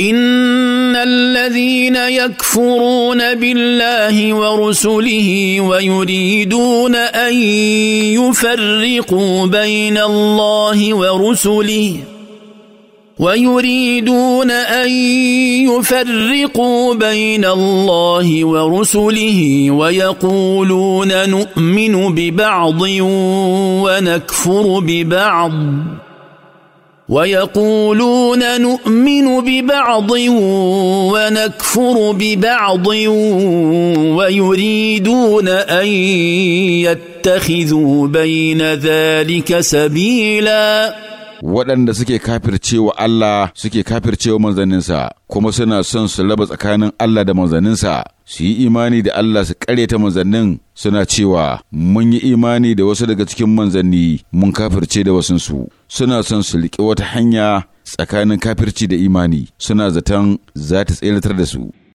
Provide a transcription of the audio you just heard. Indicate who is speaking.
Speaker 1: ان الذين يكفرون بالله ورسله ويريدون ان يفرقوا بين الله ورسله ويريدون ان يفرقوا بين الله ورسله ويقولون نؤمن ببعض ونكفر ببعض ويقولون نؤمن ببعض ونكفر ببعض ويريدون ان يتخذوا بين ذلك سبيلاً
Speaker 2: waɗanda suke kafircewa Allah suke kafircewa manzanninsa kuma suna son su raba tsakanin Allah da manzanninsa su yi imani da Allah su ta manzannin suna cewa mun yi imani da wasu daga cikin manzanni mun kafirce da wasunsu suna son su riƙe wata hanya tsakanin kafirci da imani suna zaton za ta tsayar da su